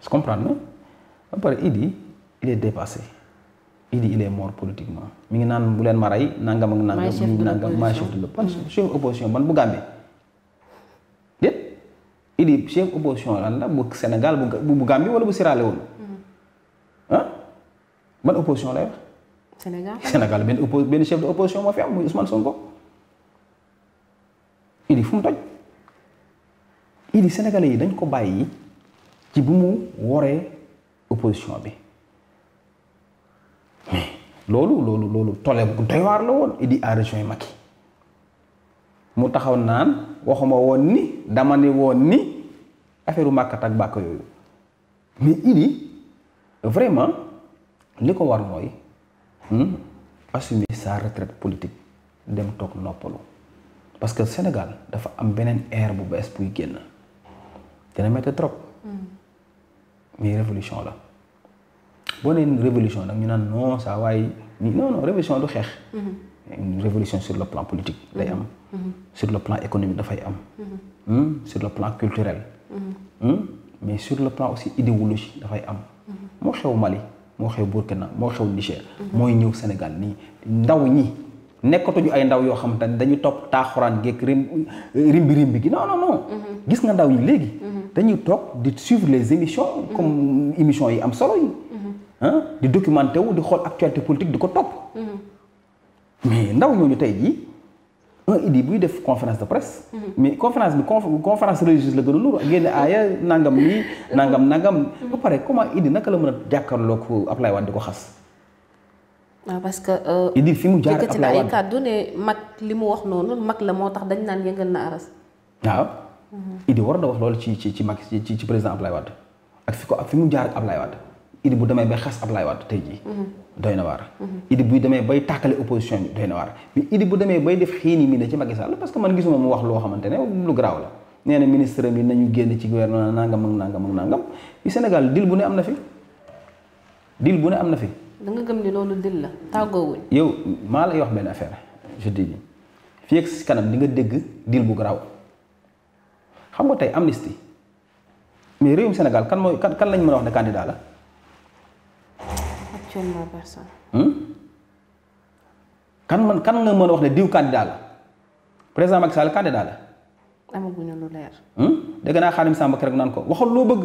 je comprends na ba pare Idi il est dépassé Idi mort politiquement mi ngi naan bu leen ma rey nangam ak nangam nangam maay chef de l'opposition hmm. chef opposition ban bu Gambie déet Idi chef opposition lan la bu Sénégal bu bu Gambie wala bu Sierra Leone ban hmm. opposition lay wax Sénégal Sénégal benn oppo benn chef de opposition moo fi am muy Ousmane Sonko. Idi fu mu toj Idi sénégalais yi dañ ko bàyyi ci bu mu woree opposition bi loolu loolu loolu tole bu doy waar la woon Idi a rejoint Macky mu taxaw naan waxuma woon ni dama ne woon ni affaire màkkat ak bàkk yooyu mais Idi vraiment li ko war mooy. Hmm? assumer sa retraite politique dem toog noppalu parce que Sénégal dafa am beneen ère bu bees buy génn dina métti trop. Hmm. mais révolution la boo neen révolution nag ñu naan non saa waaye non non révolution du xeex. Hmm. une révolution sur le plan politique day am. sur le plan économique dafay am. sur le plan culturel. mais sur le plan aussi idéologie dafay am. moo xew Mali. moo xew Burkina moo xew Niger. mooy ñëw Sénégal nii ndaw ñi nekkatuñu ay ndaw yoo xamante ne dañu topp taaxuraan geeg rim rimbi rimbi gi non non gis nga ndaw ñi léegi. dañuy toog di suivre les émissions. comme émissions yi am solo yi. di documenté wu di xool actualité politique di ko topp. Mm-hmm. mais ndaw ñooñu tey jii. un idi buy def conférence de presse. Mhm. mais conférence bi conférence religieuse la gën a lourd génne aaya nangam li nangam nangam. Mhm. ba pare comment idi naka la mën a jàkkaarloo ko Ablaye Wade di ko xas. waaw ah, parce que. idi euh, fi mu jaar Ablaye Wade ay kàddu li mu wax noonu mag la moo tax dañ naan yëngal na aras. Mhm. war na wax ci ci ci mag ci ci président Ablaye Wade ak fi ko mu jaar Ablaye Wade. idi bu demee bay xas Ablaye Wade tey jii mhm. doy na waar mhm. idi bu bay tàkkale opposition bi doy na waar mais idi bu demee bay def xiin yi mi ne ci Macky Sall parce que man gisuma mu wax loo xamante ne lu garaaw la nee ministre bi nañu génn ci gouvernement nangam ak nangam ak nangam Sénégal dil bu ne am na fi dil bu ne am na fi da nga gëm ni loolu dil la tàggoowuñ yow maa lay wax benn affaire je dis fii ak kanam di nga dégg dil bu garaaw xam nga tey amnistie mais réewum Sénégal kan mooy kan kan lañ mën a wax Actuellement, hmm? kan man kan nga mën a wax ne diw candidat la président Macky Sall candidat la. amaguñu lu leer. Hmm? dégg naa Xaadim Samba rek naan ko waxal loo bëgg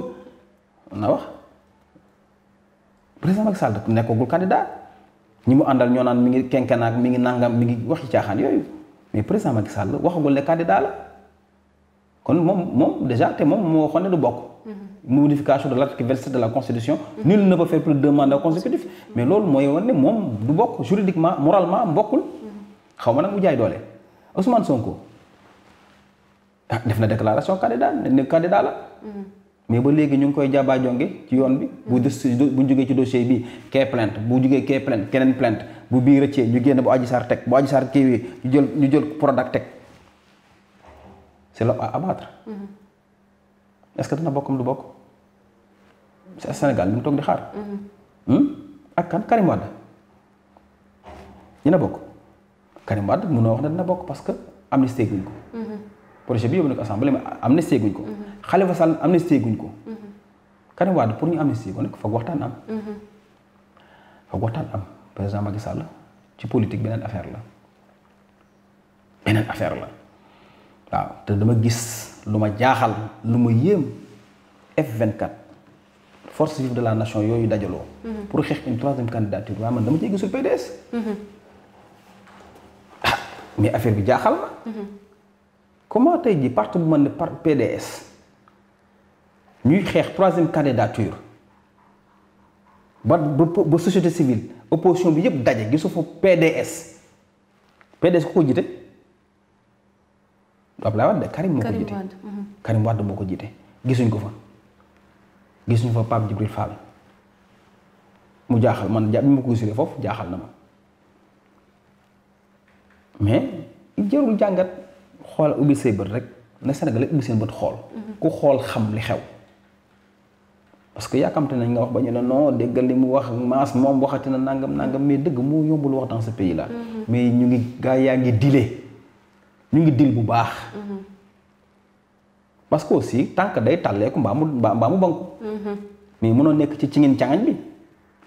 na wax président Macky Sall nekkagul daal ñi mu àndal ñoo naan mu ngi kenkenaak mi ngi nangam mi ngi waxi caaxaan yooyu mais président Macky Sall waxagul ne candidat la kon moom moom déjà te moom moo waxoon du bokk. modification de l'article 27 de la constitution nul ne peut faire plus de deux mais loolu mooy wane ne moom du bokk juridiquement moralement bokkul xaw ma nag mu jaay doole Ousmane Sonko ah, def na déclaration candidat ne candidat la mais ba léegi ñu ngi koy jàbbaa jonge ci yoon bi bu des bu jógee ci dossier bii kee plainte bu jógee kee plainte keneen plant bu biir bii rëccee ñu génn bu Adji Sarr teg bu Adji Sarr kiiwee ñu jël ñu jël Prodac teg c'est l'homme à bokk Sénégal ñu ngi toog di xaar. Hmm? ak kan Karim dina bokk Karim Wade wax ne dina bokk parce que amnistie guñ ko. projet bi yóbbu na ko assemblée mais guñ ko. Khalifa Sall amnistie guñ ko. Karim pour ñu amnistie ko nag foog waxtaan am. foog waxtaan am président Macky Sall ci politique beneen affaire la beneen affaire la waaw te dama gis lu ma jaaxal lu ma yéem force vive de la nation yooyu dajaloo. Mhm. pour xeex une troisième candidature waaye man dama cee gisul PDS. Mhm. ah mais affaire bi jaaxal mhm. comment tey jii parti bu man ne par PDS ñuy xeex troisième candidature ba ba ba société civile opposition bi yëpp daje gisu fa PDS PDS ku ko jiite Abdoulaye Wade Karim moo ko jiite Karim Wade moo ko jiite gisuñ ko fa. gis ñu fa Pape Djibril Fall mu jaaxal man ja bi ma ko gisee foofu jaaxal na ma mais jarul jàngat xool ubbi say bët rek na Sénégal ubbi seen bët xool. Mhm. ku xool xam li xew. parce que yaakamte nañ nga wax ba ñu ne non déggal li mu wax maas moom waxati na nangam nangam mais dëgg mu yombul wax dans ce pays là. Mhm. mais ñu ngi gaa yaa ngi dile ñu ngi dil bu baax. Mhm. parce que aussi tànk day tàlleeku mbaa mu mbaa mu banku mhm. mais mënoo nekk ci ci ngin càngañ bi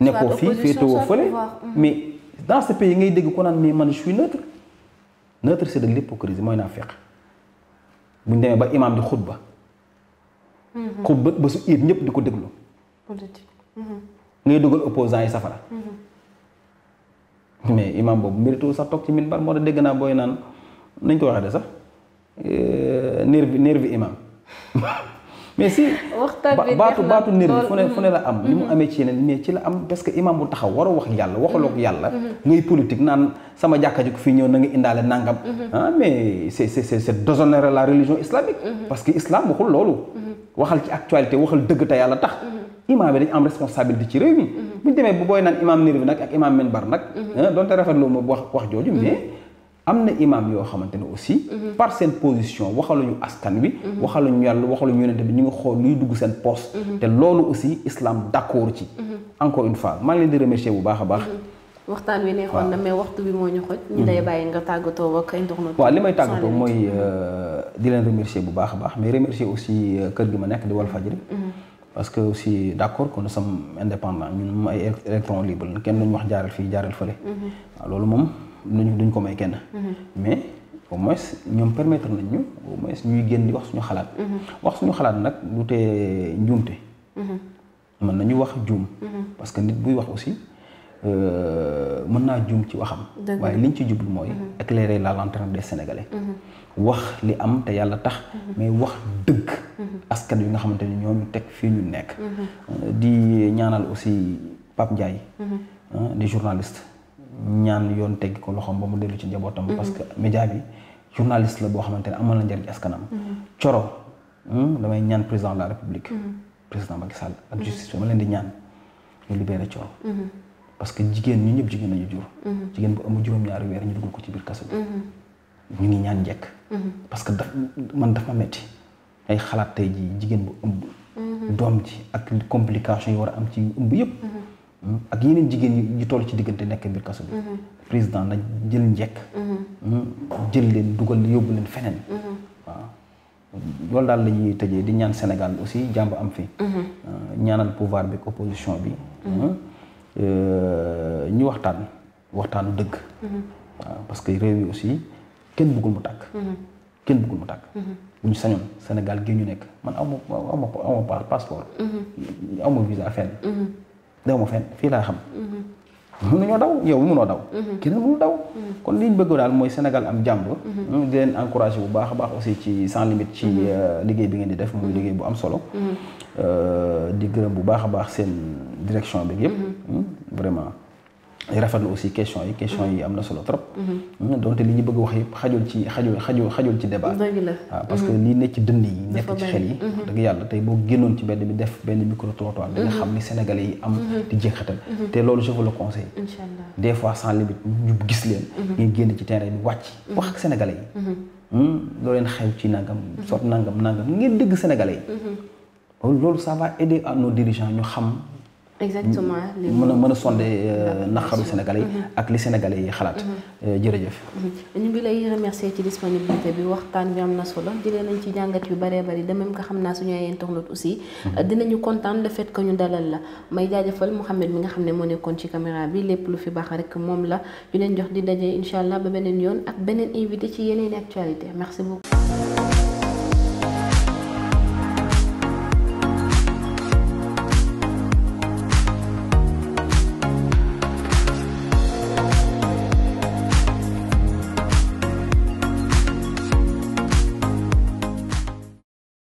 nekkoo fii féetewoo fële mhm. mais dans ce pays ngay dégg ko naan mais man je suis neutre neutre c'est de mooy naa feq buñ demee ba imaam di xutba mhm. xutba ba su iit ñëpp di ko déglu ngay dugal opposant yi safara mais imaam boobu méritéwul sax toog ci minbar moo tax dégg naa booy naan nañ ko waxee de sax euh, nervi nervi imaam mais si baatu baatu niir bi fu ne fu ne la am. ni mm-hmm. mu amee ci yeneen mais ci la am parce que imam bu taxaw war a wax yàlla waxaloo ko mm-hmm. yàlla. Mm-hmm. ngay politique naan sama jàkka ji ko fi ñëw na nga indaale nangam. ah mais c'est c'est c'est déshonorer la religion islamique. parce que islam waxul loolu. waxal ci actualité waxal dëgg te yàlla tax. imam bi dañu am responsabilité ci réew mi. bu ñu demee bu booy naan imam niir bi nag ak imam bar nag. Ah, donte rafetlu ma wax wax jooju am na imaam yoo xamante ne aussi. Mhm. par seen position waxaluñu askan wi. Mhm. waxaluñu yàlla waxaluñu yonent bi ñu ngi xool luy dugg seen poste. Mhm. te loolu aussi islam d'accord ci. encore une fois maa ngi leen remercier bu baax a baax. waxtaan wi neexoon na mais waxtu nga tàggatoo ak ay ndox. waaw li may tàggatoo mooy euh, di leen remercier bu baax a baax mais remercier aussi euh, kër gi ma nekk di Walfadjri. parce que aussi d'accord que nous sommes indépendants ñun moom ay électron libre kenn duñu wax jaaral fii jaaral fële. loolu moom. duñ duñ ko may kenn. Mm-hmm. mais au moins ñoom permettre nañ ñu au moins ñuy génn di wax suñu xalaat. Mm-hmm. wax suñu xalaat nag du tee njuumte. Mm-hmm. mën nañu wax juum. parce que nit buy wax aussi euh, mën naa juum ci waxam. waaye liñ ci jublu mooy. éclairer la lanterne des sénégalais. wax li am te yàlla tax. mais wax dëgg. askan wi nga xamante ni ñoo ñu teg fii ñu nekk. Euh, di ñaanal aussi Pape Ndiaye. di journaliste. ñaan yoon teggi ko loxoom ba mu dellu ci njabootam. Mm-hmm. parce que bi journaliste la boo xamante ne amal na njëriñ askanam. Mm-hmm. coro hmm, damay ñaan président de la république. Mm-hmm. président Macky Sall ak justice bi ma leen di ñaan ñu libéré coro. parce que jigéen ñu ñëpp jigéen nañu jur. jigéen bu amul juróom-ñaari weer ñu dugal ko ci biir kaso bi. ñu ngi ñaan njëkk. parce daf man dafa metti ay xalaat tey jigéen bu ëmb. doom ji ak complication yi war a am ci ëmb yëpp. ak yeneen jigéen ñi ñu toll ci diggante nekk biir kaso mhm. président na jël njekk mhm. Mhm. jël leen dugal yóbbu leen feneen. waaw lool daal la ñuy tëjee di ñaan Sénégal aussi jàmb am fi. Euh, ñaanal pouvoir bi opposition bi. Euh, ñu waxtaan waxtaanu dëgg. waaw parce que réew yi aussi kenn bëggul mu tàkk. kenn bëggul mu tàkk. bu ñu sañoon Sénégal gi ñu nekk man aw ma passeport. aw ma visa fenn. daw ma fenn fii laa xam. mënuñoo daw yow mënoo daw. keneen mënul daw. kon li ñu bëgg daal mooy Sénégal am jàmm. di leen encouragé bu baax a baax aussi ci sans limite ci liggéey bi ngeen di def muy liggéey bu am solo. di gërëm bu baax a baax seen direction bi yëpp. vraiment. rafetlu aussi question yi question mm-hmm. yi am na solo trop mm-hmm. Mm-hmm. donte li ñu bëgg wax yëpp xajul ci xajul xajul ci débat waaw ah, parce que li nekk ci yi nekk ci xel yi dëgg yàlla tey boo génnoon ci benn bi def benn micro trottoir da nga xam ni sénégalais yi am di jéexatal te loolu je vous le conseille des fois ñu gis leen ngeen génn ci terrain bi wàcc wax ak sénégalais yi hmm? loo leen xew ci nangam sot nangam nangam ngeen dégg sénégalais yi loolu ça va exactement mën a mën a sonde euh, naqaru sénégalais yi mhm. ak li sénégalais yi xalaat mhm. euh, jërëjëf mhm. ñu ngi lay remercier ci disponibilité bi waxtaan bi am na solo jëlee nañ ci jàngat yu baree bari de même xam naa suñu ay internautes aussi euh, dinañu kontaan le fait ñu dalal la may jaajëfal Mouhamed mi nga xam ne moo nekkoon ci caméra bi lépp lu fi baax rek moom la ñu leen jox di daje incha allah ba beneen yoon ak beneen invité ci yeneen actualité merci beaucoup